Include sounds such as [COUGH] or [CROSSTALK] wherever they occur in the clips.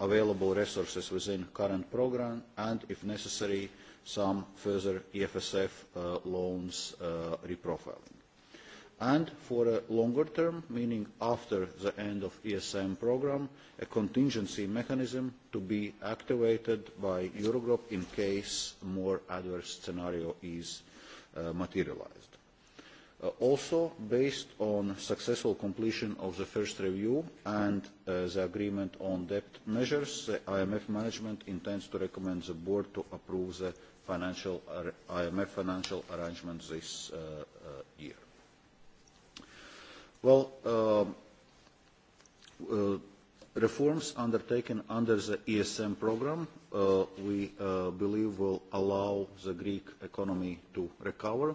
available resources within current program and, if necessary, some further EFSF uh, loans uh, reprofiling. And for a longer term, meaning after the end of ESM program, a contingency mechanism to be activated by Eurogroup in case more adverse scenario is uh, materialized uh, also based on successful completion of the first review and uh, the agreement on debt measures, the IMF management intends to recommend the board to approve the financial, uh, IMF financial arrangement this uh, uh, year. Well, uh, uh, reforms undertaken under the ESM program, uh, we uh, believe will allow the Greek economy to recover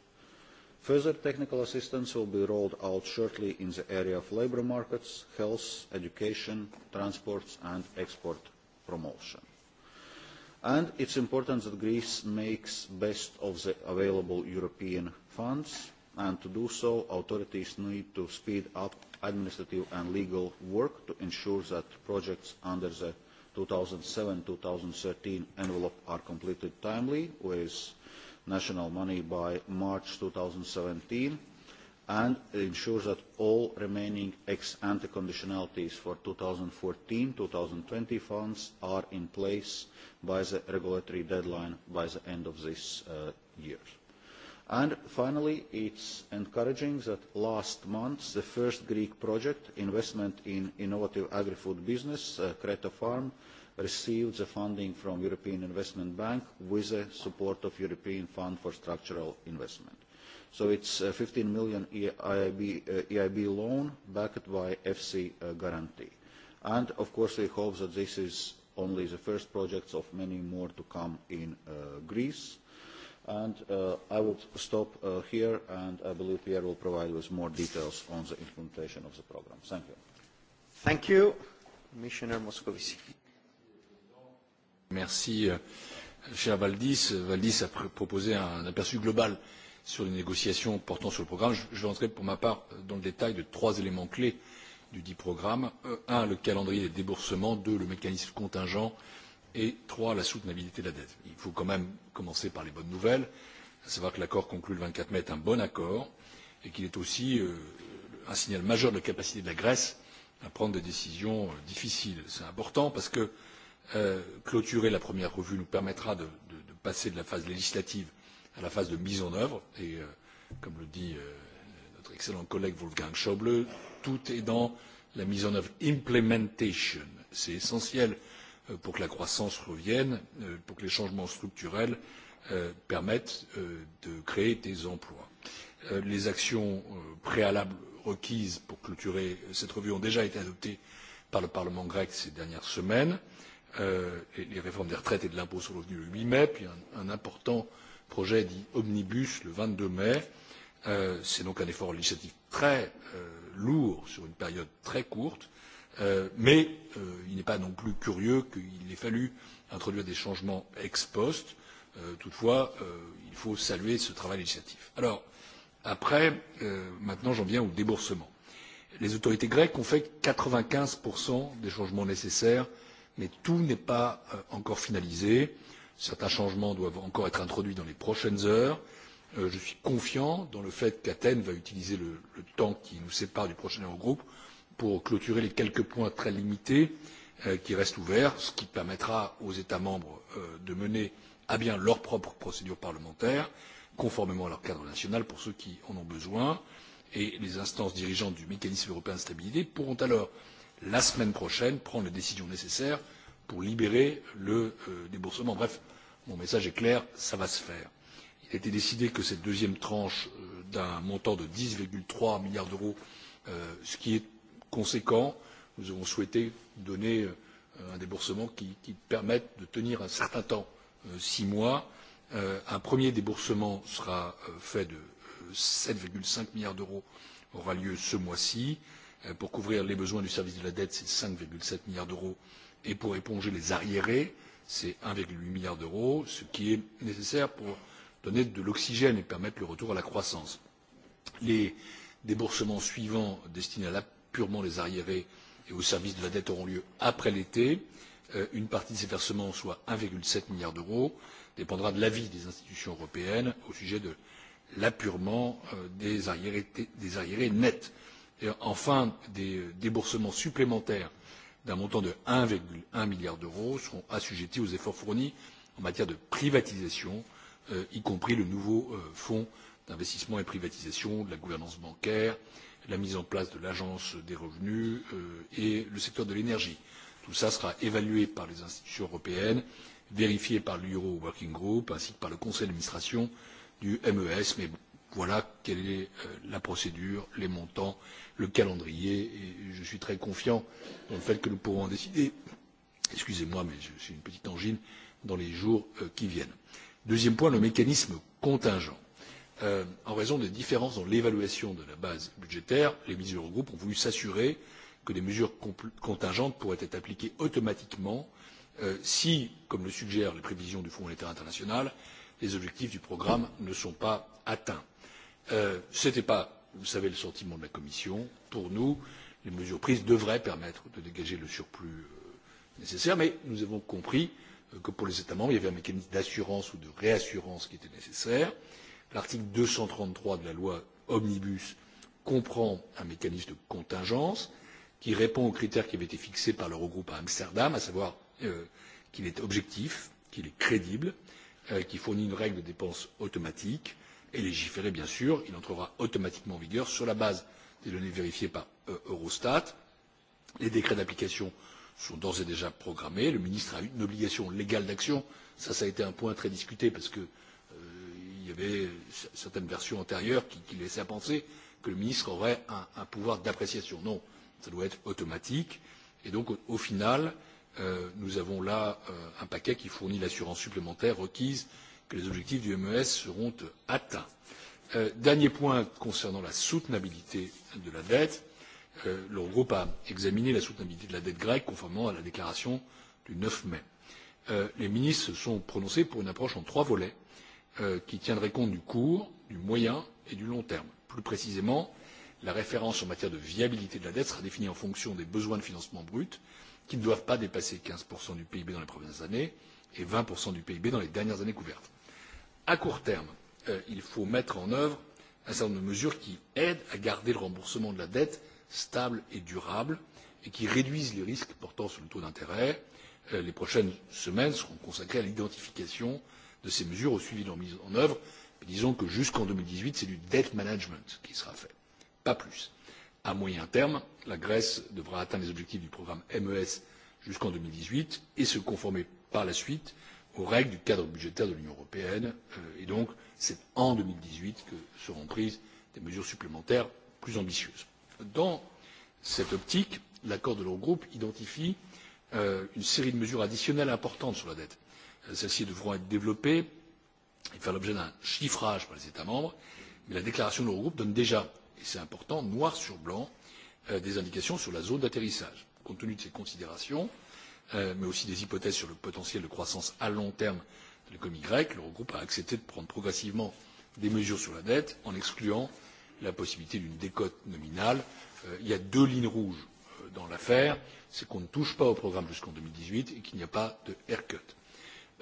Further technical assistance will be rolled out shortly in the area of labour markets, health, education, transport and export promotion. And it's important that Greece makes best of the available European funds and to do so authorities need to speed up administrative and legal work to ensure that projects under the 2007-2013 envelope are completed timely with national money by March 2017 and ensure that all remaining ex-ante conditionalities for 2014-2020 funds are in place by the regulatory deadline by the end of this uh, year. And finally, it's encouraging that last month, the first Greek project, investment in innovative agri-food business, uh, Creta Farm, received the funding from European Investment Bank with the support of European Fund for Structural Investment. So it's a 15 million EIB, uh, EIB loan backed by FC uh, guarantee. And of course, we hope that this is only the first projects of many more to come in uh, Greece And uh, I will stop uh, here, and I believe Pierre will provide with more details on the implementation of the program. Thank you. Thank you, Commissioner Moscovici. Merci, euh, cher Valdis. Valdis a proposé un aperçu global sur les négociations portant sur le programme. Je, je vais entrer pour ma part dans le détail de trois éléments clés du dit programme. Euh, un, le calendrier des déboursements. Deux, le mécanisme contingent. Euh, et trois la soutenabilité de la dette. il faut quand même commencer par les bonnes nouvelles à savoir que l'accord conclu le vingt quatre mai est un bon accord et qu'il est aussi euh, un signal majeur de la capacité de la grèce à prendre des décisions euh, difficiles. c'est important parce que euh, clôturer la première revue nous permettra de, de, de passer de la phase législative à la phase de mise en œuvre et euh, comme le dit euh, notre excellent collègue wolfgang schuble tout est dans la mise en œuvre implementation. c'est essentiel Euh, pour que la croissance revienne euh, pour que les changements structurels euh, permettent de créer des emplois. les actions préalables requises pour clôturer cette revue ont déjà été adoptées par le parlement grec ces dernières semaines les réformes des retraites et de l'impôt sur le revenu le huit mai puis un important projet dit omnibus le vingt deux mai. c'est donc un effort législatif très lourd sur une période très courte Euh, mais euh, il n'est pas non plus curieux qu'il ait fallu introduire des changements ex post. Euh, toutefois il faut saluer ce travail législatif. maintenant j'en viens aux déboursements. les autorités grecques ont fait quatre vingt quinze des changements nécessaires mais tout n'est pas encore finalisé. certains changements doivent encore être introduits dans les prochaines heures. je suis confiant dans le fait qu'athènes va utiliser le temps qui nous sépare du prochain eurogroupe pour clôturer les quelques points très limités euh, qui restent ouverts ce qui permettra aux états membres euh, de mener à bien leur propre procédure parlementaire conformément à leur cadre national pour ceux qui en ont besoin et les instances dirigeantes du mécanisme européen de stabilité pourront alors la semaine prochaine prendre les décisions nécessaires pour libérer le euh, déboursement. bref mon message est clair cela va se faire. il a été décidé que cette deuxième tranche d'un montant de dix trois milliards d'euros ce qui est conséquent nous avons souhaité donner euh, un déboursement qui permette de tenir un certain temps euh, six mois. Euh, un premier déboursement sera fait de sept cinq milliards d'euros aura lieu ce mois ci pour couvrir les besoins du service de la dette c'est cinq sept milliards d'euros et pour éponger les arriérés c'est un huit milliard d'euros ce qui est nécessaire pour donner de l'oxygène et permettre le retour à la croissance. les déboursements suivants destinés purement les arriérés et au service de la dette auront lieu après l'été euh, une partie de ces versements soit un sept milliard d'euros dépendra de l'avis des institutions européennes au sujet de l'apurement euh, des arriérés nets. enfin des euh, déboursements supplémentaires d'un montant de un un milliard d'euros seront assujettis aux efforts fournis en matière de privatisation y compris le nouveau fonds d'investissement et de privatisation de la gouvernance bancaire la mise en place de l'agence des revenus euh, et le secteur de l'énergie. tout cela sera évalué par les institutions européennes vérifié par l'euro working group ainsi que par le conseil d'administration du mes mais voilà quelle est euh, la procédure les montants le calendrier et je suis très confiant dans le fait que nous pourrons en décider excusez moi mais j'ai une petite angine dans les jours euh, qui viennent. deuxième point le mécanisme contingent. Euh, en raison des différences dans l'évaluation de la base budgétaire les mesures du groupe ont voulu s'assurer que des mesures contingentes pourraient être appliquées automatiquement euh, si comme le suggèrent les prévisions du fonds monétaire international les objectifs du programme ne sont pas atteints. Euh, ce n'était pas vous le savez le sentiment de la commission. pour nous les mesures prises devraient permettre de dégager le surplus nécessaire mais nous avons compris que pour les états membres il y avait un mécanisme d'assurance ou de réassurance qui était nécessaire l'article deux cent trente trois de la loi omnibus comprend un mécanisme de contingence qui répond aux critères qui avaient été fixés par l'eurogroupe à amsterdam à savoir euh, qu'il est objectif qu'il est crédible euh, qu'il fournit une règle de dépenses automatique et légiféré bien sûr il entrera automatiquement en vigueur sur la base des données vérifiées par euh, eurostat. les décrets d'application sont d'ores et déjà programmés le ministre a une obligation légale d'action cela a été un point très discuté parce il y avait certaines versions antérieures qui, qui laissaient à penser que le ministre aurait un, un pouvoir d'appréciation. non cela doit être automatique et donc au, au final euh, nous avons là euh, un paquet qui fournit l'assurance supplémentaire requise que les objectifs du mes seront atteints. Euh, dernier point concernant la soutenabilité de la dette euh, l'eurogroupe a examiné la soutenabilité de la dette grecque conformément à la déclaration du neuf mai. Euh, les ministres se sont prononcés pour une approche en trois volets Euh, qui tiendrait compte du court du moyen et du long terme. plus précisément la référence en matière de viabilité de la dette sera définie en fonction des besoins de financement brut qui ne doivent pas dépasser quinze du pib dans les premières années et vingt du pib dans les dernières années couvertes. à court terme euh, il faut mettre en œuvre un certain nombre de mesures qui aident à garder le remboursement de la dette stable et durable et qui réduisent les risques portant sur le taux d'intérêt. Euh, les prochaines semaines seront consacrées à l'identification de ces mesures au suivi de leur mise en œuvre mais disons que jusqu'en deux mille dix huit c'est du debt management qui sera fait pas plus. à moyen terme la grèce devra atteindre les objectifs du programme mes jusqu'en deux mille dix huit et se conformer par la suite aux règles du cadre budgétaire de l'union européenne euh, et donc c'est en deux mille dix huit que seront prises des mesures supplémentaires plus ambitieuses. dans cette optique l'accord de l'eurogroupe identifie euh, une série de mesures additionnelles importantes sur la celles ci devront être développées et faire l'objet d'un chiffrage par les états membres mais la déclaration de l'eurogroupe donne déjà et c'est important noir sur blanc euh, des indications sur la zone d'atterrissage. compte tenu de ces considérations euh, mais aussi des hypothèses sur le potentiel de croissance à long terme de l'économie grecque l'eurogroupe a accepté de prendre progressivement des mesures sur la dette en excluant la possibilité d'une décote nominale. Euh, il y a deux lignes rouges dans l'affaire c'est qu'on ne touche pas au programme jusqu'en deux mille dix huit et qu'il n'y a pas de haircut.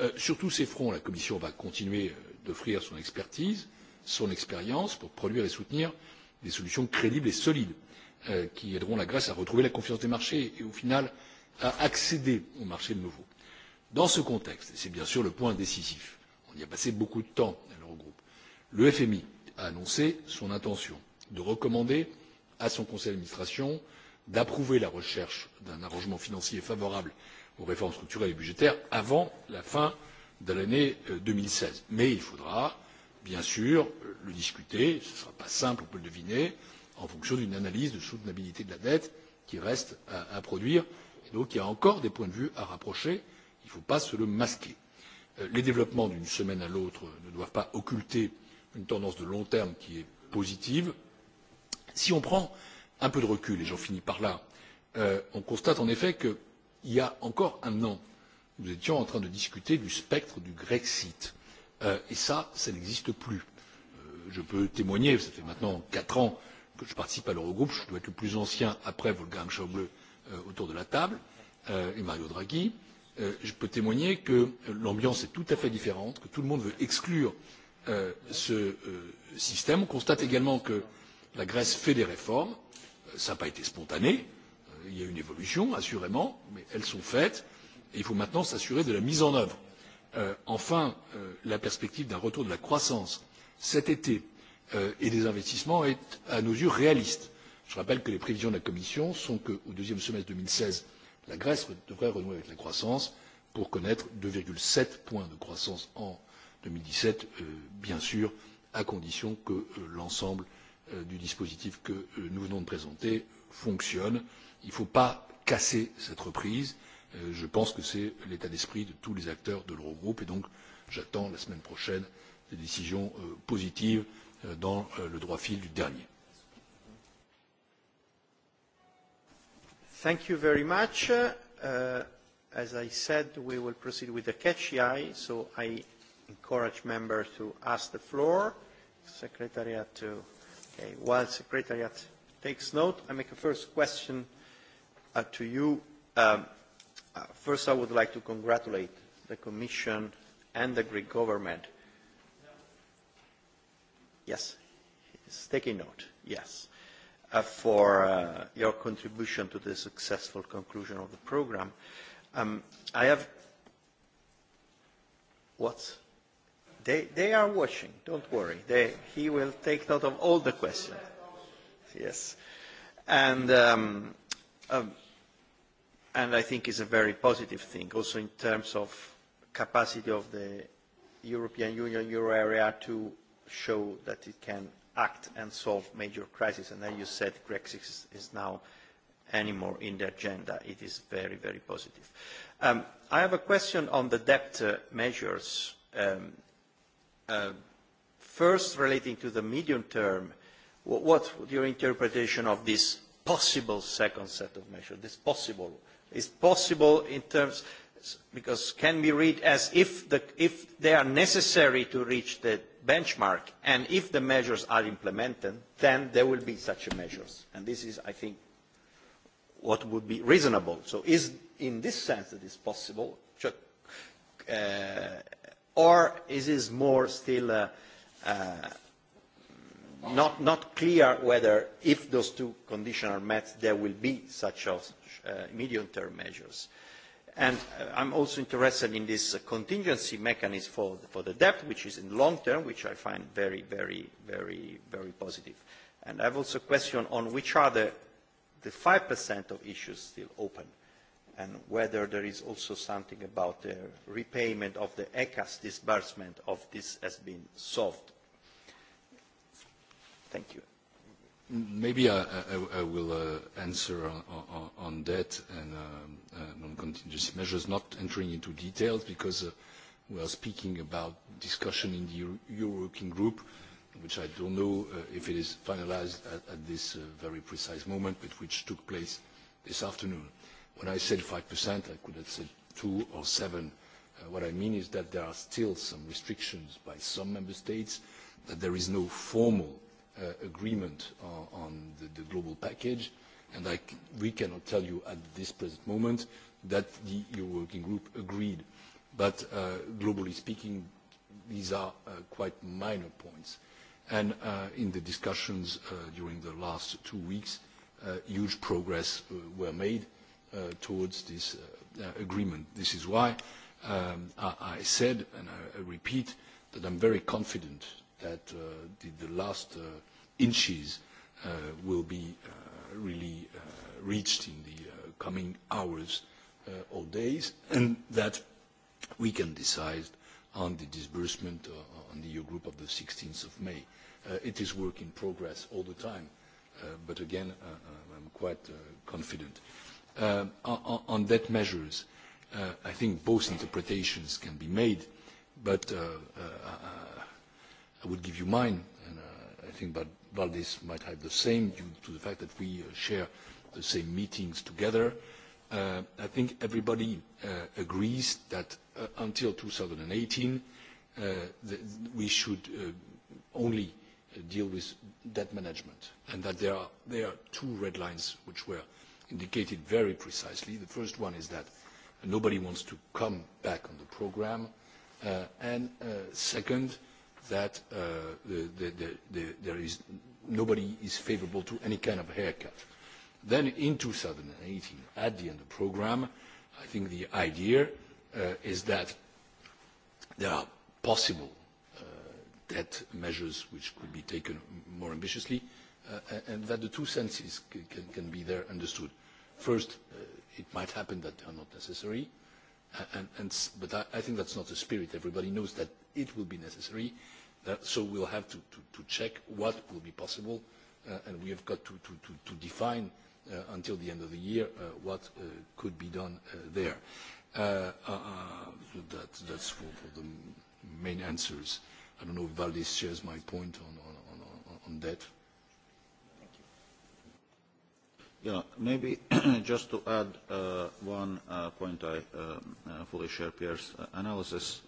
Euh, sur tous ces fronts la commission va continuer euh, d'offrir son expertise son expérience pour produire et soutenir des solutions crédibles et solides euh, qui aideront la grèce à retrouver la confiance des marchés et au final à accéder aux marchés de nouveau. dans ce contexte et c'est bien sûr le point décisif on y a passé beaucoup de temps à l'eurogroupe le fmi a annoncé son intention de recommander à son conseil d'administration d'approuver la recherche d'un arrangement financier favorable aux réformes structurelles et budgétaires avant la fin de l'année euh, deux mille seize mais il faudra bien sûr euh, le discuter ce ne sera pas simple on peut le deviner en fonction d'une analyse de soutenabilité de la dette qui reste à produire et donc il y a encore des points de vue à rapprocher il ne faut pas se le masquer. Euh, les développements d'une semaine à l'autre ne doivent pas occulter une tendance de long terme qui est positive. si on prend un peu de recul et j'en finis par là on constate en effet il y a encore un an nous étions en train de discuter du spectre du grexit euh, et cela ça n'existe plus. Euh, je peux témoigner cela fait maintenant quatre ans que je participe à l'eurogroupe je dois être le plus ancien après wolfgang schuble euh, autour de la table et mario draghi je peux témoigner que l'ambiance est tout à fait différente que tout le monde veut exclure ce système. on constate également que la grèce fait des réformes cela n'a pas été spontané il y a une évolution assurément mais elles sont faites et il faut maintenant s'assurer de la mise en œuvre. Euh, enfin euh, la perspective d'un retour de la croissance cet été euh, et des investissements est à nos yeux réaliste. je rappelle que les prévisions de la commission sont qu'au deuxième semestre deux mille seize la grèce devrait renouer avec la croissance pour connaître deux sept points de croissance en deux mille dix sept bien sûr à condition que l'ensemble du dispositif que nous venons de présenter fonctionne il ne faut pas casser cette reprise euh, je pense que c'est l'état d'esprit de tous les acteurs de l'eurogroupe et donc j'attends la semaine prochaine des décisions euh, positives euh, dans le droit fil du dernier. thank you very much. Uh, as i said we will proceed with the catch the eye so i encourage members to ask the floor. secretariat to okay, while secretariat takes note i make a first question uh, to you. Um, uh, first, I would like to congratulate the Commission and the Greek government. Yes, it's taking note, yes, uh, for uh, your contribution to the successful conclusion of the program. Um, I have... What? They, they are watching, don't worry. They, he will take note of all the questions. Yes. And um, um, and I think is a very positive thing, also in terms of capacity of the European Union, euro area, to show that it can act and solve major crises. And as you said, Brexit is, is now anymore in the agenda. It is very, very positive. Um, I have a question on the debt uh, measures. Um, uh, first, relating to the medium term, what, what your interpretation of this possible second set of measures, this possible is possible in terms because can be read as if, the, if they are necessary to reach the benchmark and if the measures are implemented, then there will be such measures. And this is, I think, what would be reasonable. So is in this sense that is possible, uh, or is it more still uh, uh, not, not clear whether if those two conditions are met, there will be such a uh, medium-term measures. And uh, I'm also interested in this uh, contingency mechanism for, for the debt, which is in long term, which I find very, very, very, very positive. And I have also a question on which are the, the 5% of issues still open and whether there is also something about the repayment of the ECAS disbursement of this has been solved. Thank you. Maybe I, I, I will uh, answer on, on, on debt and, um, and uh, on contingency measures, not entering into details because uh, we are speaking about discussion in the Euro European Group, which I don't know uh, if it is finalized at, at this uh, very precise moment, but which took place this afternoon. When I said 5%, I could have said 2 or 7. Uh, what I mean is that there are still some restrictions by some member states, that there is no formal uh, agreement on, on the, the global package, and I c we cannot tell you at this present moment that the EU working group agreed. But uh, globally speaking, these are uh, quite minor points. And uh, in the discussions uh, during the last two weeks, uh, huge progress uh, were made uh, towards this uh, uh, agreement. This is why um, I, I said, and I, I repeat, that I'm very confident that uh, the, the last uh, inches uh, will be uh, really uh, reached in the uh, coming hours uh, or days, and that we can decide on the disbursement uh, on the EU group of the 16th of May. Uh, it is work in progress all the time, uh, but again, uh, uh I'm quite uh, confident. Uh, on, on debt measures, uh, I think both interpretations can be made, but uh, uh, uh I would give you mine, and uh, I think Valdis might have the same due to the fact that we uh, share the same meetings together. Uh, I think everybody uh, agrees that uh, until 2018, uh, the, we should uh, only uh, deal with debt management, and that there are, there are two red lines which were indicated very precisely. The first one is that nobody wants to come back on the program, uh, and uh, second, uh, that uh, the, the, the, there is nobody is favorable to any kind of haircut. Then in 2018, at the end of the program, I think the idea uh, is that there are possible uh, debt measures which could be taken more ambitiously, uh, and that the two senses can, can be there understood. First, uh, it might happen that they are not necessary, and, and, but I, I think that's not the spirit. Everybody knows that it will be necessary. Uh, Uh, so we will have to, to, to check what will be possible uh, and we have got to, to define uh, until the end of the year what could be done there. So that, that's for, for the main answers. I don't know if Valdis shares my point on, on, on, on that. Yeah, maybe [CLEARS THROAT] just to add uh, one uh, point I um, uh, fully share Pierre's analysis. Uh,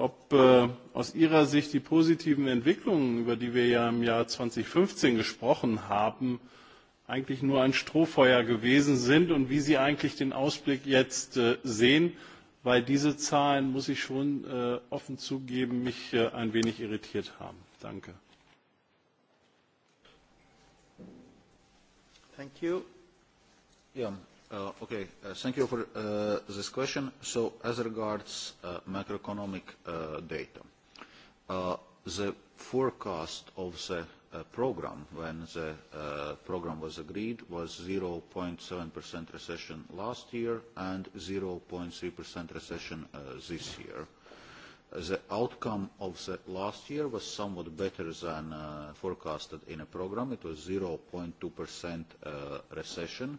ob äh, aus Ihrer Sicht die positiven Entwicklungen, über die wir ja im Jahr 2015 gesprochen haben, eigentlich nur ein Strohfeuer gewesen sind und wie Sie eigentlich den Ausblick jetzt äh, sehen, weil diese Zahlen, muss ich schon äh, offen zugeben, mich äh, ein wenig irritiert haben. Danke. Thank you. Yeah. Uh, okay, uh, thank you for uh, this question. So as regards uh, macroeconomic uh, data, uh, the forecast of the uh, program when the uh, program was agreed was 0.7% recession last year and 0.3% recession uh, this year. The outcome of the last year was somewhat better than uh, forecasted in a program. It was 0.2% uh, recession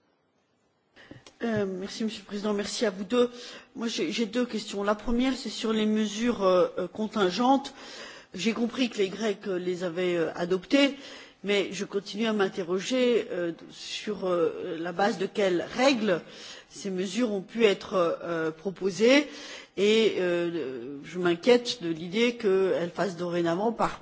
Euh, merci, Monsieur le Président. Merci à vous deux. Moi, j'ai deux questions. La première, c'est sur les mesures euh, euh, contingentes. J'ai compris que les Grecs euh, les avaient euh, adoptées, mais je continue à m'interroger euh, sur euh, la base de quelles règles ces mesures ont pu être euh, proposées et euh, je m'inquiète de l'idée qu'elles fassent dorénavant par,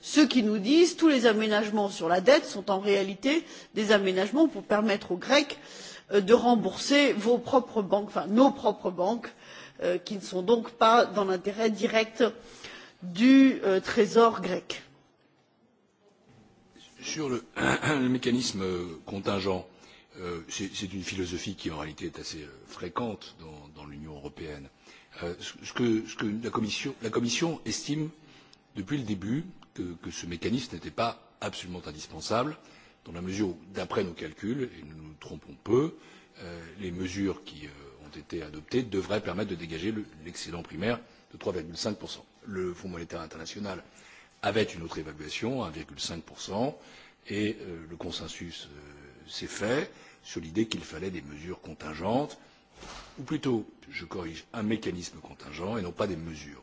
ceux qui nous disent que tous les aménagements sur la dette sont en réalité des aménagements pour permettre aux grecs euh, de rembourser vos propres banques enfin nos propres banques euh, qui ne sont donc pas dans l'intérêt direct du euh, trésor grec. sur le, [CLEARS THROAT] le mécanisme contingent c'est une philosophie qui en réalité est assez fréquente dans, dans l'union européenne. ce que, ce que la, commission, la commission estime depuis le début que, que ce mécanisme n'était pas absolument indispensable dans la mesure où d'après nos calculs et nous nous trompons peu euh, les mesures qui euh, ont été adoptées devraient permettre de dégager l'excédent le, primaire de. trois cinq le fonds monétaire international avait une autre évaluation un cinq et euh, le consensus euh, s'est fait sur l'idée qu'il fallait des mesures contingentes ou plutôt je corrige un mécanisme contingent et non pas des mesures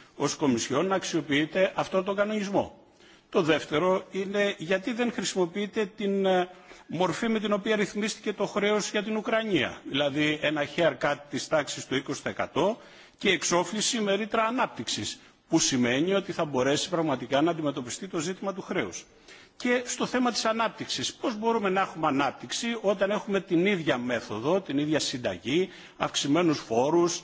ως Κομισιόν να αξιοποιείτε αυτό τον κανονισμό. Το δεύτερο είναι γιατί δεν χρησιμοποιείτε την μορφή με την οποία ρυθμίστηκε το χρέος για την Ουκρανία, δηλαδή ένα haircut της τάξης του 20% και εξόφληση με ρήτρα ανάπτυξης, που σημαίνει ότι θα μπορέσει πραγματικά να αντιμετωπιστεί το ζήτημα του χρέους. Και στο θέμα της ανάπτυξης, πώς μπορούμε να έχουμε ανάπτυξη όταν έχουμε την ίδια μέθοδο, την ίδια συνταγή, αυξημένους φόρους,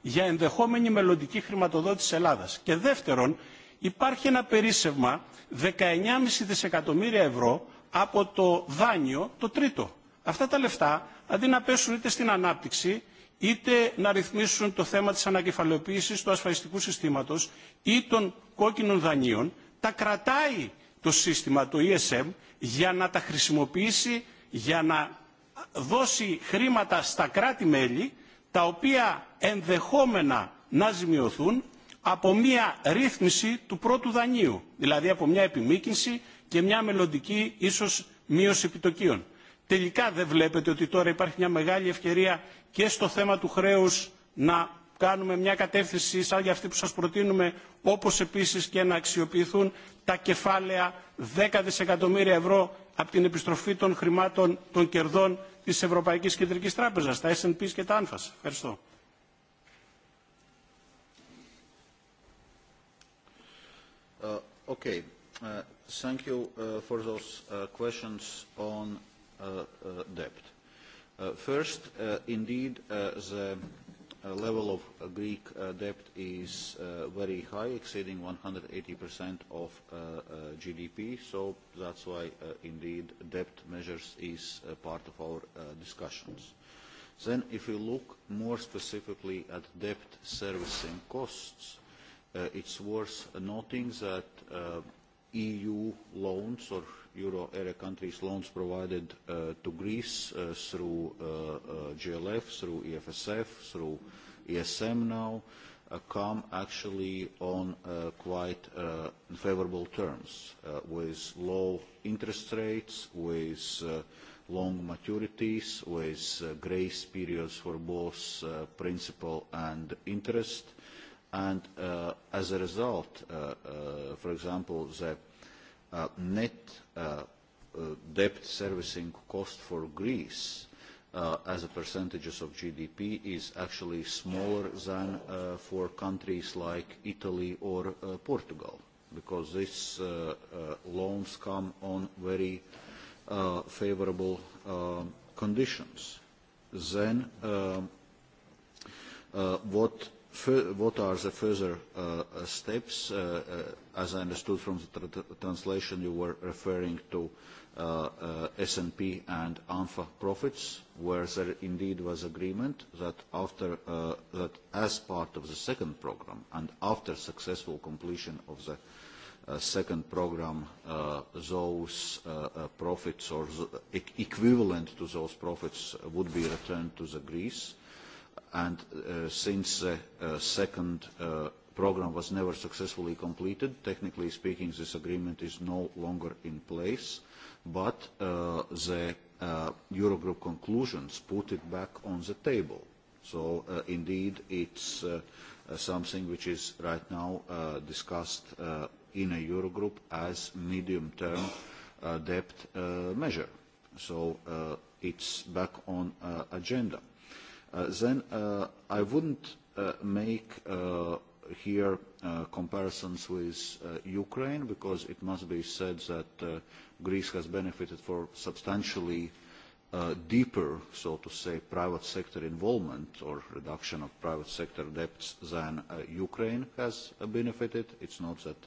για ενδεχόμενη μελλοντική χρηματοδότηση Ελλάδας. Και δεύτερον, υπάρχει ένα περίσσευμα 19,5 δισεκατομμύρια ευρώ από το δάνειο το τρίτο. Αυτά τα λεφτά, αντί να πέσουν είτε στην ανάπτυξη, είτε να ρυθμίσουν το θέμα της ανακεφαλαιοποίησης του ασφαλιστικού συστήματος ή των κόκκινων δανείων, τα κρατάει το σύστημα, το ESM, για να τα χρησιμοποιήσει, για να δώσει χρήματα στα κράτη-μέλη τα οποία ενδεχόμενα να ζημιωθούν από μια ρύθμιση του πρώτου δανείου, δηλαδή από μια επιμήκυνση και μια μελλοντική ίσως μείωση επιτοκίων. Τελικά δεν βλέπετε ότι τώρα υπάρχει μια μεγάλη ευκαιρία και στο θέμα του χρέους να κάνουμε μια κατεύθυνση σαν για αυτή που σας προτείνουμε, όπως επίσης και να αξιοποιηθούν τα κεφάλαια 10 δισεκατομμύρια ευρώ από την επιστροφή των χρημάτων των κερδών της Ευρωπαϊκής Κεντρικής Τράπεζας, τα S&P και τα ΑΝΦΑΣ. Ευχαριστώ. Uh, okay. Uh, thank you uh, for those uh, questions on uh, uh, debt. Uh, first, uh, indeed, uh, the Uh, level of uh, Greek uh, debt is uh, very high, exceeding 180% of uh, uh, GDP, so that's why uh, indeed debt measures is uh, part of our uh, discussions. Then if we look more specifically at debt servicing costs, uh, it's worth noting that uh, EU loans or euro area countries loans provided uh, to Greece uh, through uh, uh, GLF, through EFSF, through ESM now uh, come actually on uh, quite uh, favorable terms uh, with low interest rates, with uh, long maturities, with uh, grace periods for both uh, principal and interest. And uh, as a result, uh, uh, for example, the uh, net uh, uh, debt servicing cost for Greece uh, as a percentages of GDP is actually smaller than uh, for countries like Italy or uh, Portugal because these uh, uh, loans come on very uh, favorable um, conditions. Then um, uh, what what are the further uh, uh, steps? Uh, uh, as I understood from the tr translation, you were referring to uh, uh, S&P and ANFA profits, where there indeed was agreement that, after, uh, that as part of the second program and after successful completion of the uh, second program, uh, those uh, uh, profits or the equivalent to those profits would be returned to the Greece. Uh, and uh, since the uh, uh, second uh, program was never successfully completed, technically speaking, this agreement is no longer in place, but uh, the uh, Eurogroup conclusions put it back on the table. So uh, indeed, it's uh, uh something which is right now uh, discussed uh, in a Eurogroup as medium-term uh, debt uh, measure. So uh, it's back on uh, agenda. Uh, then uh, I wouldn't uh, make uh, here uh, comparisons with uh, Ukraine because it must be said that uh, Greece has benefited for substantially uh, deeper, so to say, private sector involvement or reduction of private sector debts than uh, Ukraine has uh, benefited. It's not that uh,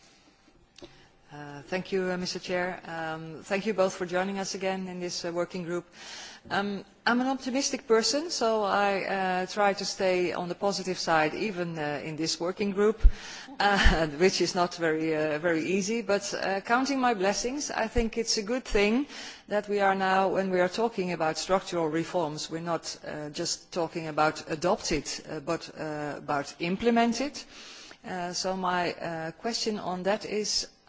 Uh, thank you, uh, Mr. Chair. Um, thank you both for joining us again in this uh, working group. Um, I'm an optimistic person, so I uh, try to stay on the positive side, even uh, in this working group, uh, [LAUGHS] which is not very, uh, very easy. But uh, counting my blessings, I think it's a good thing that we are now, when we are talking about structural reforms, we're not uh, just talking about adopt it, uh, but uh, about implement it. Uh, so my uh, question on that is,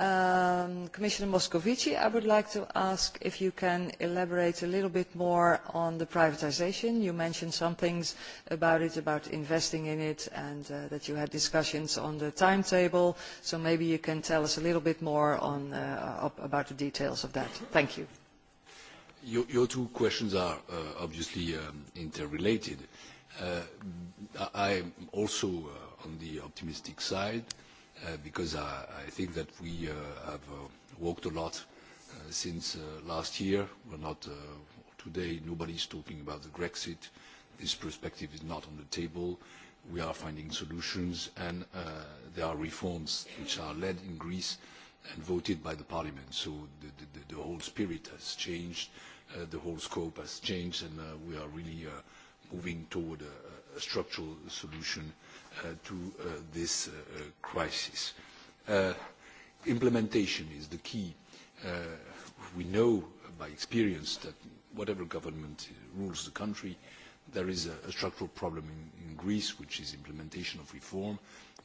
Um, Commissioner Moscovici, I would like to ask if you can elaborate a little bit more on the privatization. You mentioned some things about it, about investing in it, and uh, that you had discussions on the timetable. So maybe you can tell us a little bit more on, uh, about the details of that. Thank you. Your, your two questions are uh, obviously um, interrelated. Uh, I'm also uh, on the optimistic side. Uh, uh, because I, I think that we uh, have uh, worked a lot uh, since uh, last year. We're not uh, today. Nobody's talking about the Grexit. This perspective is not on the table. We are finding solutions, and uh, there are reforms which are led in Greece and voted by the parliament. So the, the, the whole spirit has changed, uh, the whole scope has changed, and uh, we are really uh, moving toward a, a structural solution uh, Uh, to uh, this uh, crisis. Implementation is the key. We know by experience that whatever government rules the country, there is a, a structural problem in, in Greece, which is implementation of reform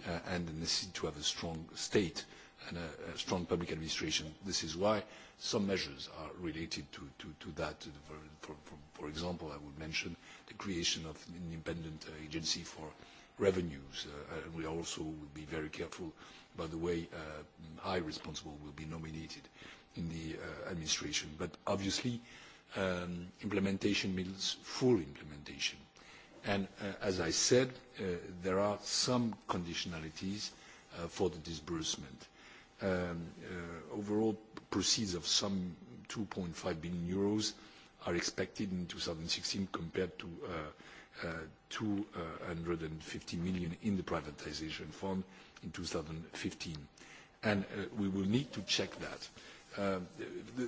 uh, and the necessity to have a strong state and a, a strong public administration. This is why some measures are related to, to, to that. For, for, for example, I would mention the creation of an independent uh, agency for uh, revenues. Uh, we also will be very careful about the way uh, high responsible will be nominated in the uh, administration. But obviously, um, implementation means full implementation. And uh, as I said, uh, there are some conditionalities uh, for the disbursement. Um, uh, overall proceeds of some 2.5 billion euros are expected in 2016 compared to uh, 250 uh, million in the privatization fund in 2015. And, uh, we will need to check that. Um, the,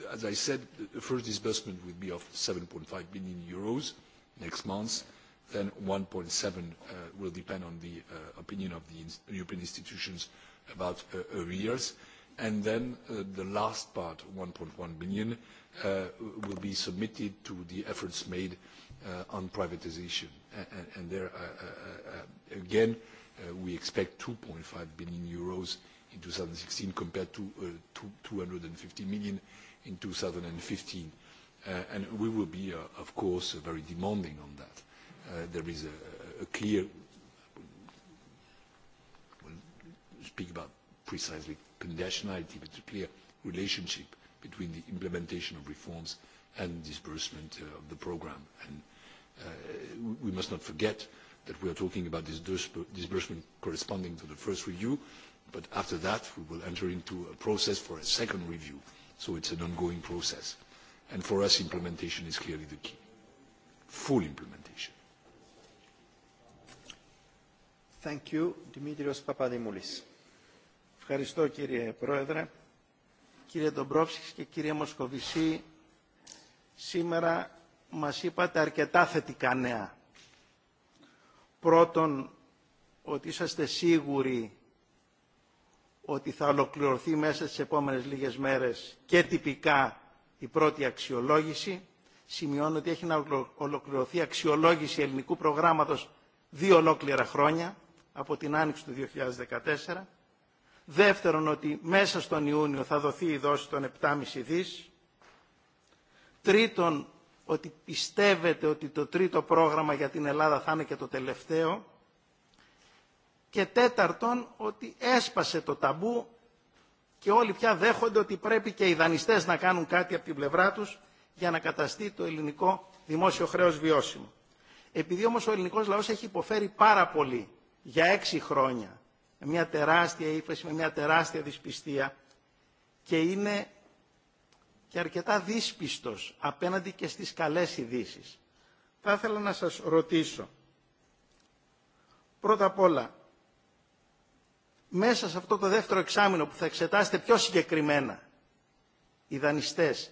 the, as I said, the first disbursement will be of 7.5 billion euros next month, then 1.7 billion uh, will depend on the uh, opinion of the European institutions about uh, arrears. Then uh, the last part, 1.1 billion, will be submitted to the efforts made uh, on privatization. And, and there, uh, uh, uh, again, uh, we expect 2.5 billion euros in 2016 compared to uh, two, 250 million in 2015. Uh, and we will be, uh, of course, uh, very demanding on that. Uh, there is a, a clear, we'll speak about precisely conditionality, but a clear relationship between the implementation of reforms uh, and disbursement uh, of the program. And, uh, we must not forget that we are talking about this disbursement corresponding to the first review, but after that, we will enter into a process for a second review. So it's an ongoing process. And for us, implementation is clearly the key. Full implementation. Thank you. Dimitrios Papadimoulis. Ευχαριστώ κύριε Πρόεδρε. Κύριε Ντομπρόφσκης και κύριε Μοσκοβισή, σήμερα μας είπατε αρκετά θετικά νέα. Πρώτον, ότι είσαστε σίγουροι ότι θα ολοκληρωθεί μέσα στις επόμενες λίγες μέρες και τυπικά η πρώτη αξιολόγηση. Σημειώνω ότι έχει να ολοκληρωθεί αξιολόγηση ελληνικού προγράμματος δύο ολόκληρα χρόνια από την άνοιξη του 2014. Δεύτερον, ότι μέσα στον Ιούνιο θα δοθεί η δόση των 7,5 δις. Τρίτον, ότι πιστεύετε ότι το τρίτο πρόγραμμα για την Ελλάδα θα είναι και το τελευταίο. Και τέταρτον, ότι έσπασε το ταμπού και όλοι πια δέχονται ότι πρέπει και οι δανειστές να κάνουν κάτι από την πλευρά τους για να καταστεί το ελληνικό δημόσιο χρέος βιώσιμο. Επειδή όμως ο ελληνικός λαός έχει υποφέρει πάρα πολύ για έξι χρόνια, με μια τεράστια ύφεση, με μια τεράστια δυσπιστία και είναι και αρκετά δύσπιστος απέναντι και στις καλές ειδήσει. Θα ήθελα να σας ρωτήσω, πρώτα απ' όλα, μέσα σε αυτό το δεύτερο εξάμεινο που θα εξετάσετε πιο συγκεκριμένα, οι δανειστές,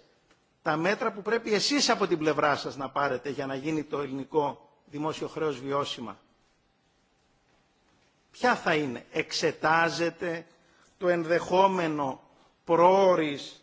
τα μέτρα που πρέπει εσείς από την πλευρά σας να πάρετε για να γίνει το ελληνικό δημόσιο χρέος βιώσιμα. Ποια θα είναι, εξετάζετε το ενδεχόμενο πρόορης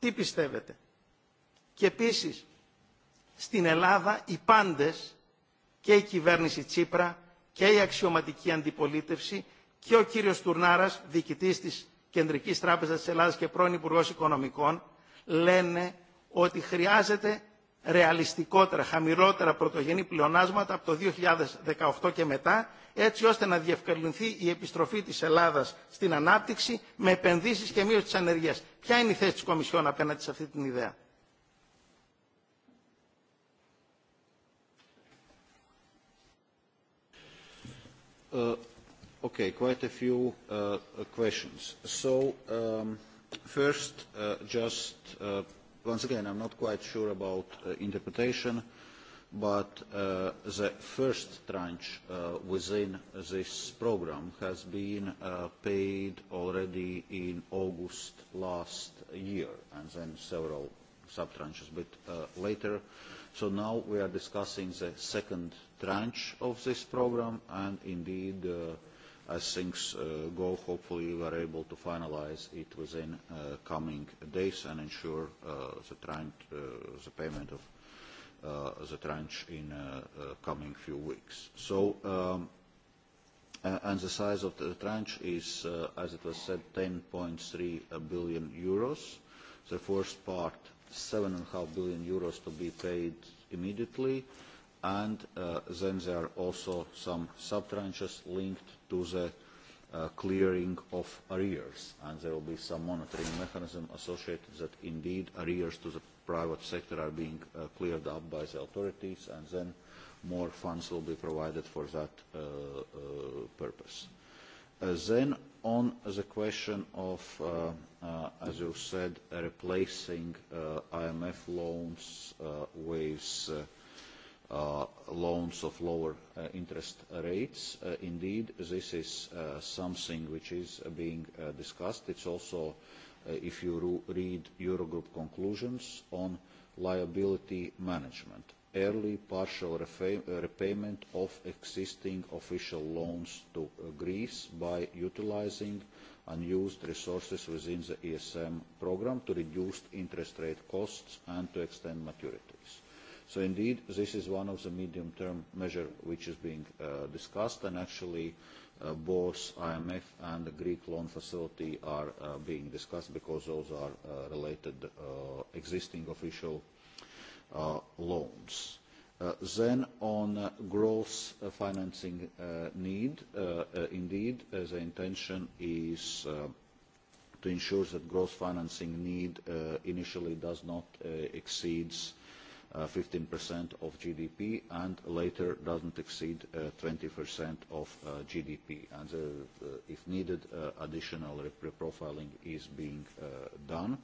Τι πιστεύετε. Και επίσης, στην Ελλάδα οι πάντες, και η κυβέρνηση Τσίπρα και η αξιωματική αντιπολίτευση και ο κύριος Τουρνάρας, διοικητής της Κεντρικής Τράπεζας της Ελλάδας και πρώην Υπουργός Οικονομικών, λένε ότι χρειάζεται ρεαλιστικότερα, χαμηλότερα πρωτογενή πλεονάσματα από το 2018 και μετά έτσι ώστε να διευκολυνθεί η επιστροφή της Ελλάδας στην ανάπτυξη με επενδύσεις και μείωση της ανεργίας. Ποια είναι η θέση της Κομισιόν απέναντι σε αυτή την ιδέα. Uh, okay, quite a few uh, questions. So, um, first, uh, just uh, once again, I'm not quite sure about uh, interpretation. Uh, but uh, the first tranche uh, within this program has been uh, paid already in August last year, and then several sub-tranches a bit uh, later. So now we are discussing the second tranche of this program, and indeed, uh, as things uh, go, hopefully we are able to finalize it within uh, coming days and ensure uh, the, trend, uh, the payment of uh, uh, the tranche in uh, uh, coming few weeks. So, um, uh, and the size of the tranche is, uh, as it was said, 10.3 billion euros. The first part, 7.5 billion euros to be paid immediately, and uh, then there are also some sub-tranches linked to the uh, clearing of arrears, and there will be some monitoring mechanism associated that indeed arrears to the private sector are being uh, cleared up by the authorities, and then more funds will be provided for that uh, uh, purpose. Uh, then on the question of, uh, uh, as you said, uh, replacing uh, IMF loans uh, with uh, Uh, loans of lower uh, interest rates. Uh, indeed, this is uh, something which is being uh, discussed. It's also uh, if you read Eurogroup conclusions on liability management, early partial uh, repayment of existing official loans to uh, Greece by utilizing unused resources within the ESM program to reduce interest rate costs and to extend maturities. So indeed, this is one of the medium-term measure which is being uh, discussed, and actually uh, uh, both IMF and the Greek loan facility are uh, being discussed because those are uh, related uh, existing official uh, loans. Uh, then on uh, growth uh, financing uh, need, uh, uh, indeed, uh, the intention is uh, to ensure that growth financing need uh, initially does not uh, exceeds uh, 15% of GDP and later doesn't exceed uh, 20% of uh, GDP. And the, uh, if needed, uh, additional reprofiling is being uh, done.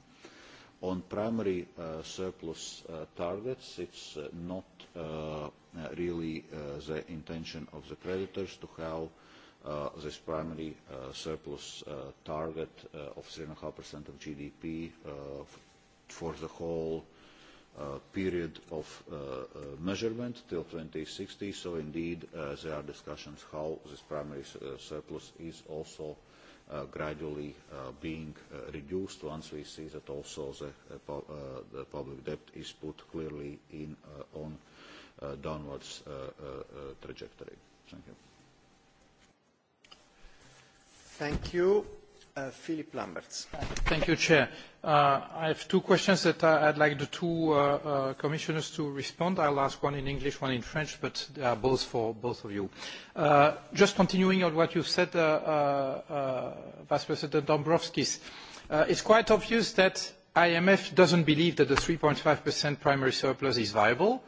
On primary uh, surplus uh, targets, it's uh, not uh, uh, really uh, the intention of the creditors to have uh, this primary uh, surplus uh, target uh, of 3.5% of GDP uh, for the whole uh, uh, period of uh, uh, measurement till 2060. So indeed, uh, there are discussions how this primary uh, surplus is also uh, gradually uh, being uh, reduced once we see that also the, uh, pu uh, the public debt is put clearly in uh, on uh, downwards uh, uh, uh trajectory. Thank you. Thank you. Uh, Philip Lamberts. Thank you, Chair. Uh, I have two questions that I, I'd like the two uh, uh, commissioners to respond. I'll ask one in English, one in French, but they are both for both of you. Uh, just continuing on what you've said, uh, uh, uh, Vice President Dombrovskis, uh, it's quite obvious that IMF doesn't believe that the 3.5% primary surplus is viable. Uh,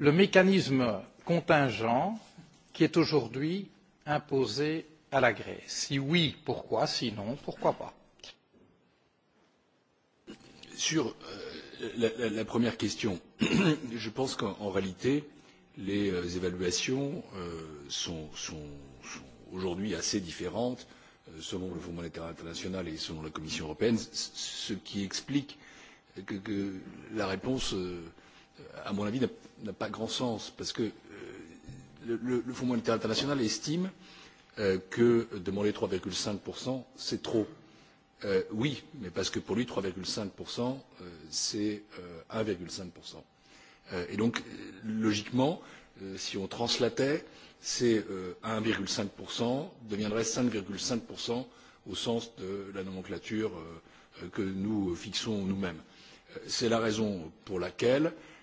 le mécanisme contingent qui est aujourd'hui imposé à la Grèce Si oui, pourquoi Sinon, pourquoi pas Sur euh, la, la, la première question, [CLEARS THROAT] je pense qu'en réalité, les euh, évaluations euh, sont, sont, sont aujourd'hui assez différentes euh, selon le Fonds monétaire international et selon la Commission européenne, ce qui explique que, que la réponse euh, à mon avis, n'a pas grand sens, parce que euh, le, le, le Fonds monétaire international estime euh, que demander 3,5%, c'est trop. Euh, oui, mais parce que pour lui, 3,5%, euh, c'est euh, 1,5%. Euh, et donc, logiquement, euh, si on translatait, c'est euh, 1,5% deviendrait 5,5% au sens de la nomenclature euh, euh que nous fixons nous-mêmes. Euh, c'est la raison pour laquelle euh,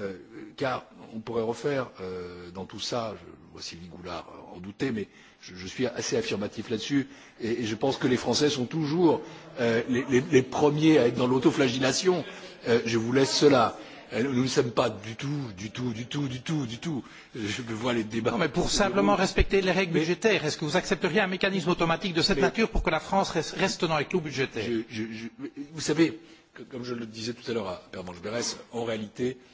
Euh, car on pourrait refaire euh, dans tout cela je vois sylvie goulard en douter mais je, je suis assez affirmatif là dessus et, et je pense que les français sont toujours euh, les, les, les premiers à être dans l'autoflagellation je vous laisse cela nous ne sommes pas du tout du tout du tout du tout du tout je vois les débats non, mais pour simplement respecter les règles mais, budgétaires est ce que vous accepteriez un mécanisme automatique de cette mais, nature pour que la france reste, reste dans les clous budgétaires je, je, je, vous savez que, comme je le disais tout à l'heure à Père Berès, en réalité euh,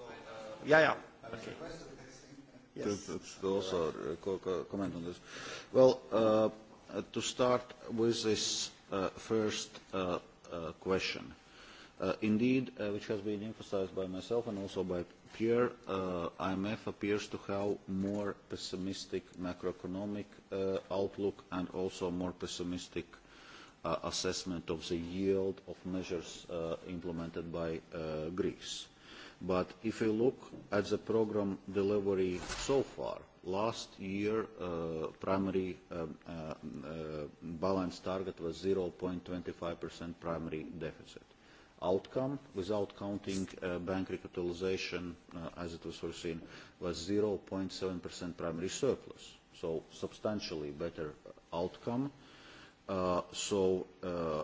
Yeah, yeah. Okay. Yes. To, to also uh, comment on this. Well, uh, uh, to start with this uh, first uh, uh, question. Uh, indeed, uh, which has been emphasized by myself and also by Pierre, uh, IMF appears to have more pessimistic macroeconomic uh, outlook and also more pessimistic uh, assessment of the yield of measures uh, implemented by uh, Greece. But if you look at the program delivery so far, last year uh, primary um, uh, um, uh, balance target was 0.25% primary deficit. Outcome, without counting uh, bank recapitalization uh, as it was foreseen, was 0.7% primary surplus. So substantially better outcome. Uh, so uh,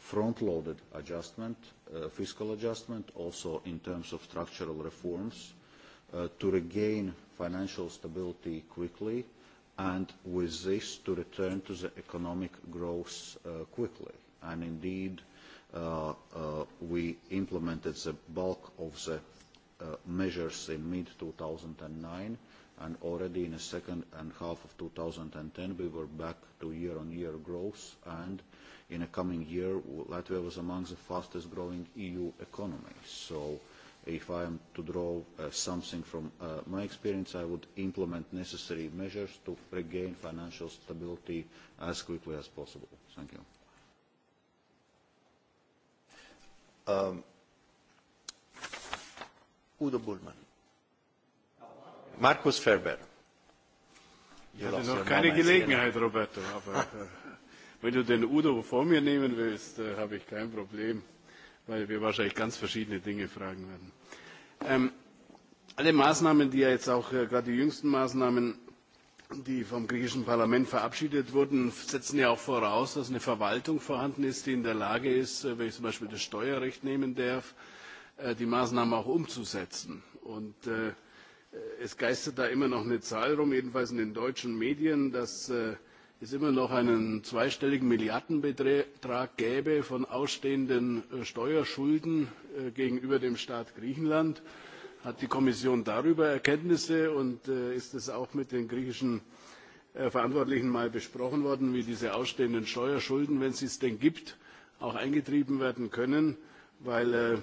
front-loaded adjustment, uh, fiscal adjustment, also in terms of structural reforms, uh, to regain financial stability quickly, and with this, to return to the economic growth uh, quickly. And indeed, uh, uh, we implemented the bulk of the uh, measures in mid-2009, and already in the second and half of 2010, we were back to year-on-year -year growth, and uh, in the coming year, Latvia was among the fastest growing EU economies. So if I am to draw uh, something from uh, my experience, I would implement necessary measures to regain financial stability as quickly as possible. Thank you. Um, Udo Bullmann. Markus Ferber. Ich hatte noch keine Gelegenheit, Roberto, aber... Wenn du den Udo vor mir nehmen willst, äh, habe ich kein Problem, weil wir wahrscheinlich ganz verschiedene Dinge fragen werden. Ähm, alle Maßnahmen, die ja jetzt auch äh, gerade die jüngsten Maßnahmen, die vom griechischen Parlament verabschiedet wurden, setzen ja auch voraus, dass eine Verwaltung vorhanden ist, die in der Lage ist, äh, wenn ich zum Beispiel das Steuerrecht nehmen darf, äh, die Maßnahmen auch umzusetzen. Und äh, äh es geistert da immer noch eine Zahl rum, jedenfalls in den deutschen Medien, dass äh, es immer noch einen zweistelligen Milliardenbetrag gäbe von ausstehenden äh, Steuerschulden äh, gegenüber dem Staat Griechenland. Hat die Kommission darüber Erkenntnisse und äh, ist es auch mit den griechischen Verantwortlichen mal besprochen worden, wie diese ausstehenden Steuerschulden, wenn es sie denn gibt, auch eingetrieben werden können? Weil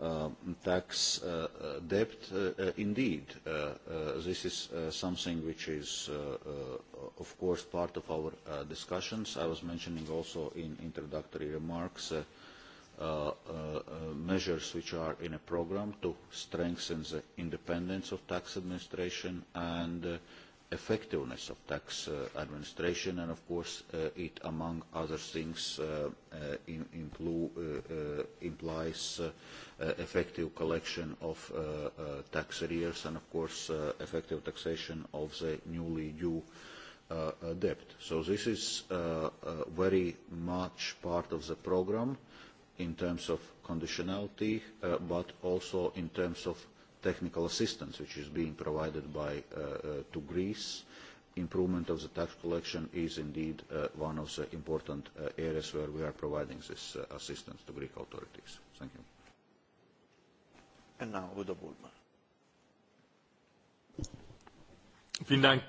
uh, tax uh, uh, debt. Uh, uh, indeed, uh, uh, this is uh, something which is, uh, uh, of course, part of our uh, discussions. I was mentioning also in introductory remarks uh, uh, uh, measures which are in a program to strengthen the independence of tax administration and uh, effectiveness of tax uh, administration and of course uh, it among other things uh, uh, in, implu, uh, uh, implies uh, uh, effective collection of uh, uh, tax arrears and of course uh, effective taxation of the newly due uh, uh debt. So this is uh, uh, very much part of the program in terms of conditionality, uh, but also in terms of technical assistance which is being provided by, uh, uh, to Greece. Improvement of the tax collection is indeed uh, one of the important uh, areas where we are providing this uh, assistance to Greek authorities. Thank you. And now Udo Bullman. Vielen Dank,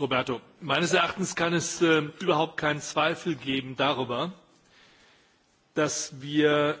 Roberto. Meines Erachtens kann es äh, überhaupt keinen Zweifel geben darüber, dass wir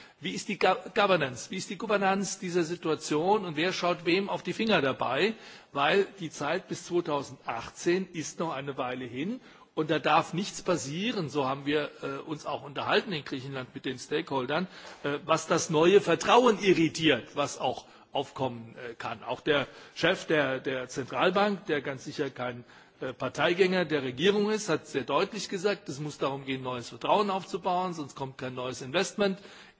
Wie ist die Governance? Wie ist die Governance dieser Situation und wer schaut wem auf die Finger dabei? Weil die Zeit bis 2018 ist noch eine Weile hin und da darf nichts passieren, so haben wir äh, uns auch unterhalten in Griechenland mit den Stakeholdern, äh, was das neue Vertrauen irritiert, was auch aufkommen äh, kann. Auch der Chef der, der Zentralbank, der ganz sicher kein äh, Parteigänger der Regierung ist, hat sehr deutlich gesagt, es muss darum gehen, neues Vertrauen aufzubauen, sonst kommt kein neues Investment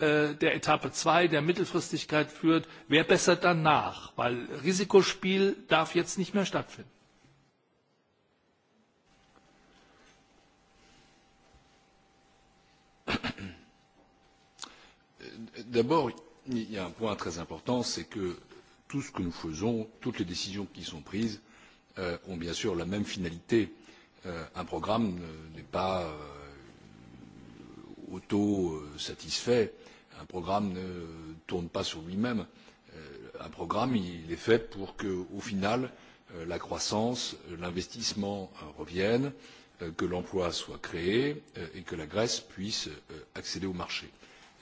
Äh, der Etappe 2 der Mittelfristigkeit führt, wer bessert dann nach? Weil Risikospiel darf jetzt nicht mehr stattfinden. [COUGHS] D'abord, il y a un point très important, c'est que tout ce que nous faisons, toutes les décisions qui sont prises euh, ont bien sûr la même finalité. Euh, un programme euh, n'est pas euh, auto-satisfait. Euh, un programme ne tourne pas sur lui même euh, un programme il est fait pour que au final euh, la croissance l'investissement euh, reviennent que l'emploi soit créé et que la grèce puisse accéder au marché.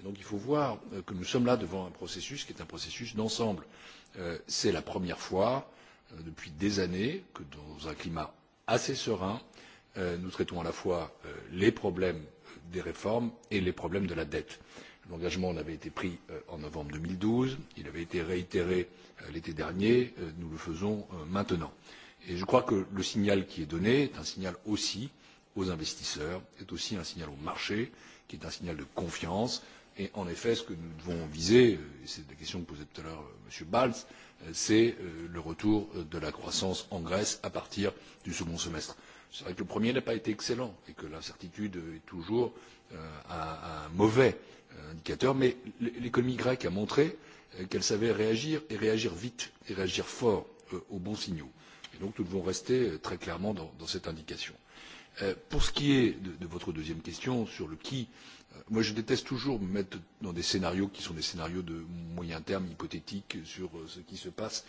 Donc, il faut voir que nous sommes là devant un processus qui est un processus d'ensemble. c'est la première fois depuis des années que dans un climat assez serein nous traitons à la fois les problèmes des réformes et les problèmes de la dette l'engagement avait été pris euh, en novembre deux mille douze il avait été réitéré euh, l'été dernier euh, nous le faisons maintenant et je crois que le signal qui est donné est un signal aussi aux investisseurs est aussi un signal aux marchés qui est un signal de confiance et en effet ce que nous devons viser et c'est la question que posait tout à l'heure m. balz c'est le retour de la croissance en grèce à partir du second semestre. c'est vrai que le premier n'a pas été excellent et que l'incertitude est toujours un mauvais indicateurs mais l'économie grecque a montré euh, qu'elle savait réagir et réagir vite et réagir fort euh, aux bons signaux et donc nous devons rester euh, très clairement dans, dans cette indication. pour ce qui est de, de votre deuxième question sur le qui moi je déteste toujours me mettre dans des scénarios qui sont des scénarios de moyen terme hypothétiques sur ce qui se passe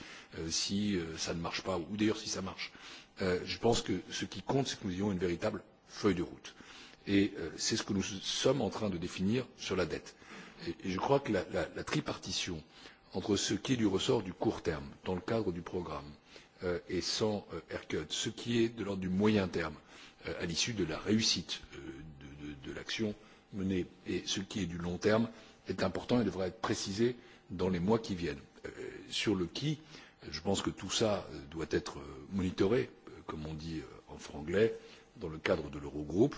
si ça ne marche pas ou d'ailleurs si ça marche. je pense que ce qui compte c'est que nous ayons une véritable feuille de route et euh, c'est ce que nous sommes en train de définir sur la dette. Et je crois que la, la, la tripartition entre ce qui est du ressort du court terme dans le cadre du programme euh, et sans euh, haircut ce qui est de l'ordre du moyen terme euh, à l'issue de la réussite euh, de, de, de l'action menée et ce qui est du long terme est important et devra être précisé dans les mois qui viennent. Euh, sur le qui je pense que tout cela doit être monitoré comme on dit en franglais dans le cadre de l'eurogroupe.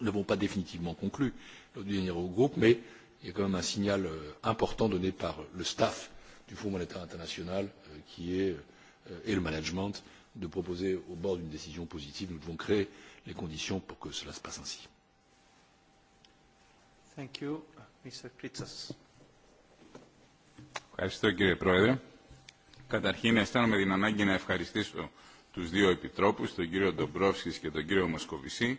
nous n'avons pas définitivement conclu lors du dernier eurogroupe mais il y a quand même un signal euh, important donné par le staff du fonds monétaire international euh, euh, et le management de proposer au bord d'une décision positive. nous devons créer les conditions pour que cela se passe ainsi. Ευχαριστώ κύριε Πρόεδρε. Καταρχήν αισθάνομαι την ανάγκη να ευχαριστήσω τους δύο επιτρόπους, τον κύριο Ντομπρόφσκης και τον κύριο Μοσκοβισή,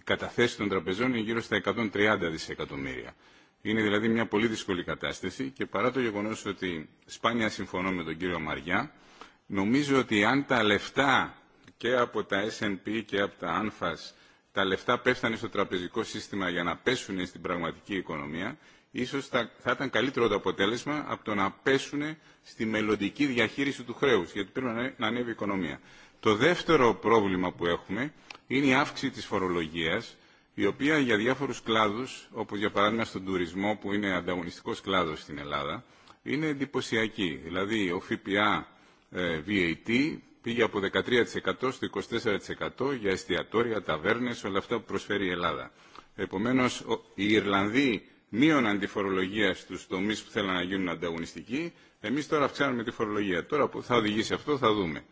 οι καταθέσει των τραπεζών είναι γύρω στα 130 δισεκατομμύρια. Είναι δηλαδή μια πολύ δύσκολη κατάσταση και παρά το γεγονό ότι σπάνια συμφωνώ με τον κύριο Μαριά, νομίζω ότι αν τα λεφτά και από τα S&P και από τα ANFAS τα λεφτά πέφτανε στο τραπεζικό σύστημα για να πέσουν στην πραγματική οικονομία, ίσως θα, θα ήταν καλύτερο το αποτέλεσμα από το να πέσουν στη μελλοντική διαχείριση του χρέους, γιατί πρέπει να ανέβει η οικονομία. Το δεύτερο πρόβλημα που έχουμε είναι η αύξηση της φορολογίας, η οποία για διάφορους κλάδους, όπως για παράδειγμα στον τουρισμό που είναι ανταγωνιστικός κλάδος στην Ελλάδα, είναι εντυπωσιακή. Δηλαδή ο ΦΠΑ ε, VAT πήγε από 13% στο 24% για εστιατόρια, ταβέρνες, όλα αυτά που προσφέρει η Ελλάδα. Επομένως, οι Ιρλανδοί μείωναν τη φορολογία στους τομείς που θέλαν να γίνουν ανταγωνιστικοί, εμείς τώρα αυξάνουμε τη φορολογία. Τώρα που θα οδηγήσει αυτό θα δούμε.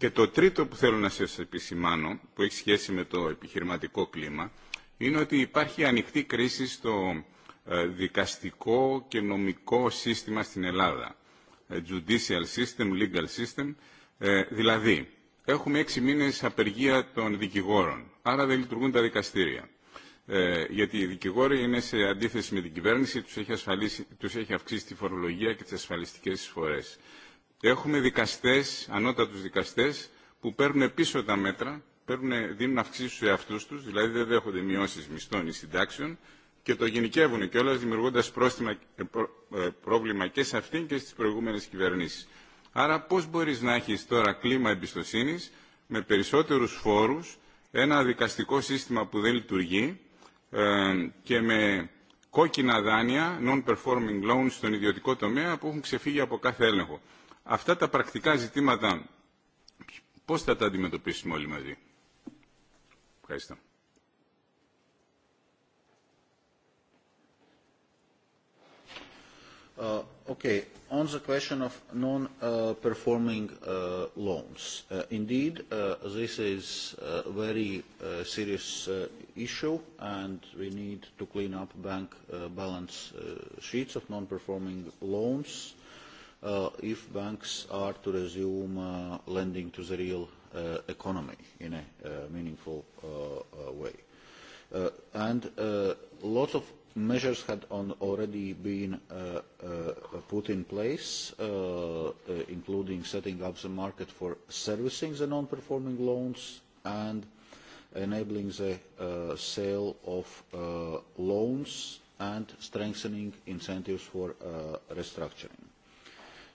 Και το τρίτο που θέλω να σας επισημάνω, που έχει σχέση με το επιχειρηματικό κλίμα, είναι ότι υπάρχει ανοιχτή κρίση στο δικαστικό και νομικό σύστημα στην Ελλάδα. Judicial system, legal system. Δηλαδή, έχουμε έξι μήνες απεργία των δικηγόρων, άρα δεν λειτουργούν τα δικαστήρια. Ε, γιατί οι δικηγόροι είναι σε αντίθεση με την κυβέρνηση, τους έχει, ασφαλίσει, τους έχει αυξήσει τη φορολογία και τις ασφαλιστικές εισφορές. Έχουμε δικαστές, ανώτατους δικαστές, που παίρνουν πίσω τα μέτρα, παίρνουν, δίνουν αυξήσεις στους εαυτούς τους, δηλαδή δεν δέχονται μειώσεις μισθών ή συντάξεων, και το γενικεύουν κιόλας δημιουργώντας πρόστιμα, προ, πρόβλημα και σε αυτήν και στις προηγούμενες κυβερνήσεις. Άρα πώς μπορείς να έχεις τώρα κλίμα εμπιστοσύνης με περισσότερους φόρους, ένα δικαστικό σύστημα που δεν λειτουργεί ε, και με κόκκινα δάνεια, non-performing loans στον ιδιωτικό τομέα που έχουν ξεφύγει από κάθε έλεγχο. Αυτά τα πρακτικά ζητήματα πώς θα τα αντιμετωπίσουμε όλοι μαζί. Ευχαριστώ. Uh, okay, on the question of non-performing uh, uh, loans, uh, indeed, uh, this is a very uh, serious uh, issue and we need to clean up bank uh, balance uh, sheets of non-performing loans uh, if banks are to resume uh, lending to the real uh, economy in a uh, meaningful uh, uh, way. Uh, and uh, lots of measures had on already been uh, uh, put in place, uh, uh, including setting up the market for servicing the non-performing loans and enabling the uh, sale of uh, loans and strengthening incentives for uh, restructuring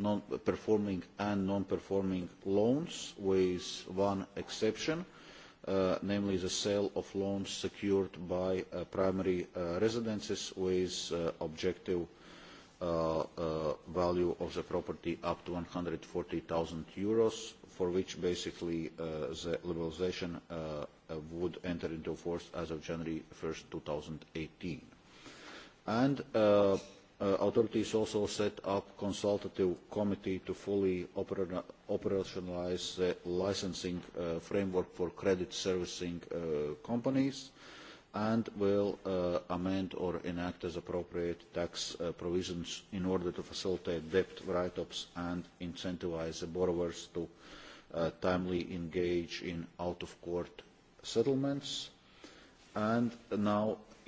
non-performing and non-performing loans, with one exception, uh, namely the sale of loans secured by uh, primary uh, residences with uh, objective uh, uh, value of the property up to 140,000 euros, for which basically uh, the liberalization uh, would enter into force as of January 1st, 2018. And uh, uh, authorities also set up consultative committee to fully opera operationalize the licensing uh, framework for credit servicing uh, companies and will uh, amend or enact as appropriate tax uh, provisions in order to facilitate debt write-ups and incentivize the borrowers to uh, timely engage in out-of-court settlements. And now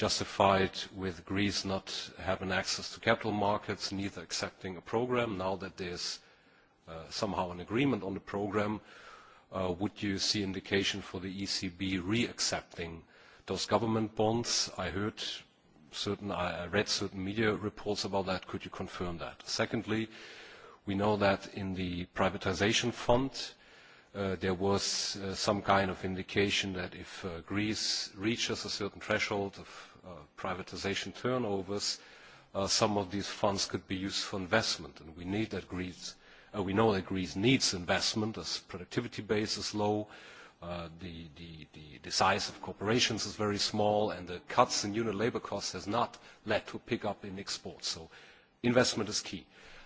justified with Greece not having access to capital markets, neither accepting a program. Now that there's uh, somehow an agreement on the program, uh, would you see indication for the ECB re-accepting those government bonds? I heard certain, I read certain media reports about that. Could you confirm that? Secondly, we know that in the privatization fund, uh, there was uh, some kind of indication that if uh, Greece reaches a certain threshold of uh, privatization turnovers, uh, some of these funds could be used for investment, and we need that Greece. Uh, we know that Greece needs investment as productivity base is low, uh, the, the, the, the size of corporations is very small, and the cuts in unit labor costs has not led to a pickup in exports. So investment is key. Uh,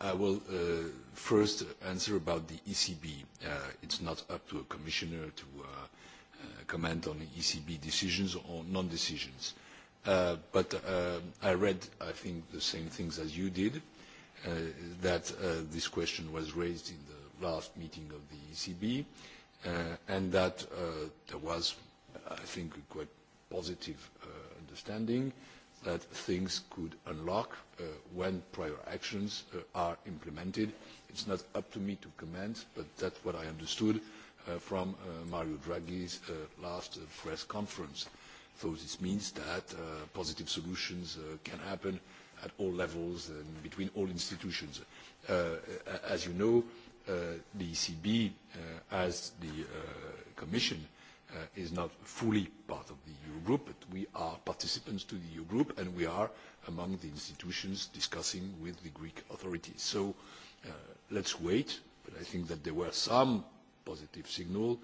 I will uh, first answer about the ECB. Uh, it's not up to a commissioner to uh, uh, comment on the ECB decisions or non-decisions. Uh, but uh, I read, I think, the same things as you did, uh, that uh, this question was raised in the last meeting of the ECB, uh, and that uh, there was, I think, a quite positive uh, understanding uh, that things could unlock uh, when prior actions uh, are implemented. It's not up to me to comment, but that's what I understood uh, from uh, Mario Draghi's uh, last uh, press conference. So this means that uh, positive solutions uh, can happen at all levels and between all institutions. Uh, as you know, uh, the ECB, uh, as the uh, Commission, uh, uh, is not fully part of the EU group, but we are participants to the EU group, and we are among the institutions discussing with the Greek authorities. So uh, let's wait, but I think that there were some positive signal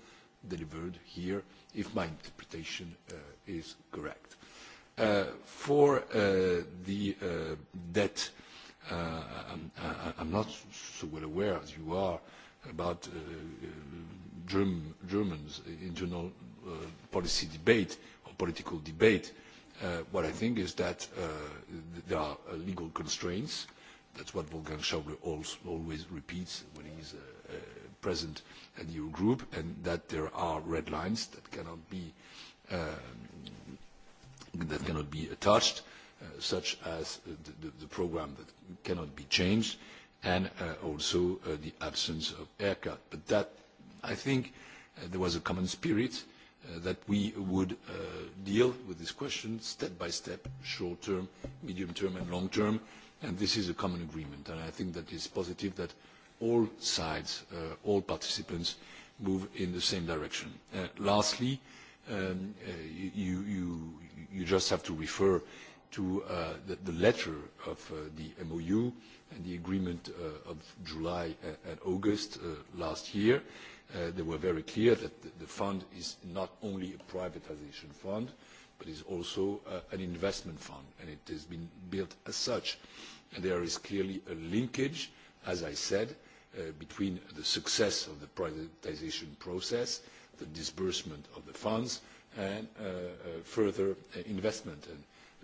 delivered here, if my interpretation uh, is correct. Uh, for uh, the uh, debt, uh, I'm, I'm not so well aware as you are uh, about uh, Germ Germans' internal uh, policy debate or political debate, uh, what I think is that uh, there are uh, legal constraints. That's what Wolfgang Schäuble also always repeats when he's uh, uh, present at the Eurogroup, and that there are red lines that cannot be, uh, that cannot be touched, uh, such as uh, the, the, the program that cannot be changed, and uh, also uh, the absence of haircut. But that, I think, uh, there was a common spirit uh, that we would uh, deal with this question step by step, short term, medium term, and long term. And this is a common agreement. And I think that it's positive that all sides, uh, all participants move in the same direction. Uh, lastly, um, uh, you, you, you just have to refer uh, to uh, the, the letter of uh, the MOU and the agreement uh, of July and August uh, last year. Uh, they were very clear that the, the fund is not only a privatization fund, but is also uh, an investment fund, and it has been built as such. And there is clearly a linkage, as I said, uh, between the success of the privatization process, the disbursement of the funds, and uh, uh, further uh, investment. And, uh,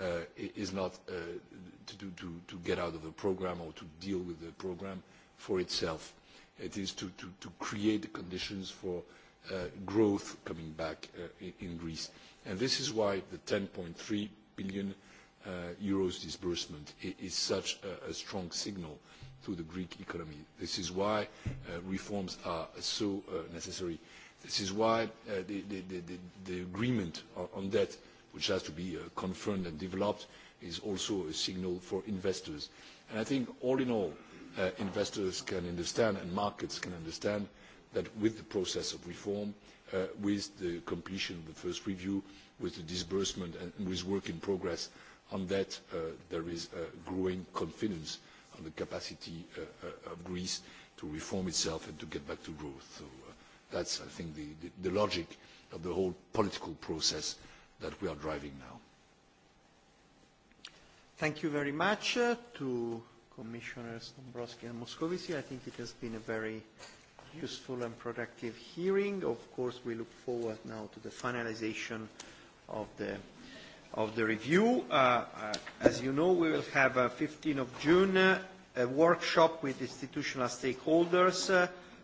uh, is not uh, to, do, to, to get out of the program or to deal with the program for itself. It is to, to, to create conditions for uh, growth coming back uh, in Greece. And this is why the 10.3 billion uh, euros disbursement is such a, a strong signal to the Greek economy. This is why uh, reforms are so uh, necessary. This is why uh, the, the, the, the agreement on, on debt uh, which has to be uh, confirmed and developed is also a signal for investors. And I think all in all, uh, investors can understand and markets can understand that with the process of reform, uh, with the completion of the first review, with the disbursement and with work in progress on that, there is growing confidence on the capacity of Greece to reform itself and to get back to growth. So that's, I think, the, the, the logic of the whole political process that we are driving now. Thank you very much uh, to Commissioners Dombrovski and Moscovici. I think it has been a very useful and productive hearing. Of course, we look forward now to the finalization of the of the review. Uh, uh, as you know, we will have uh, 15th of June uh, a workshop with institutional stakeholders uh,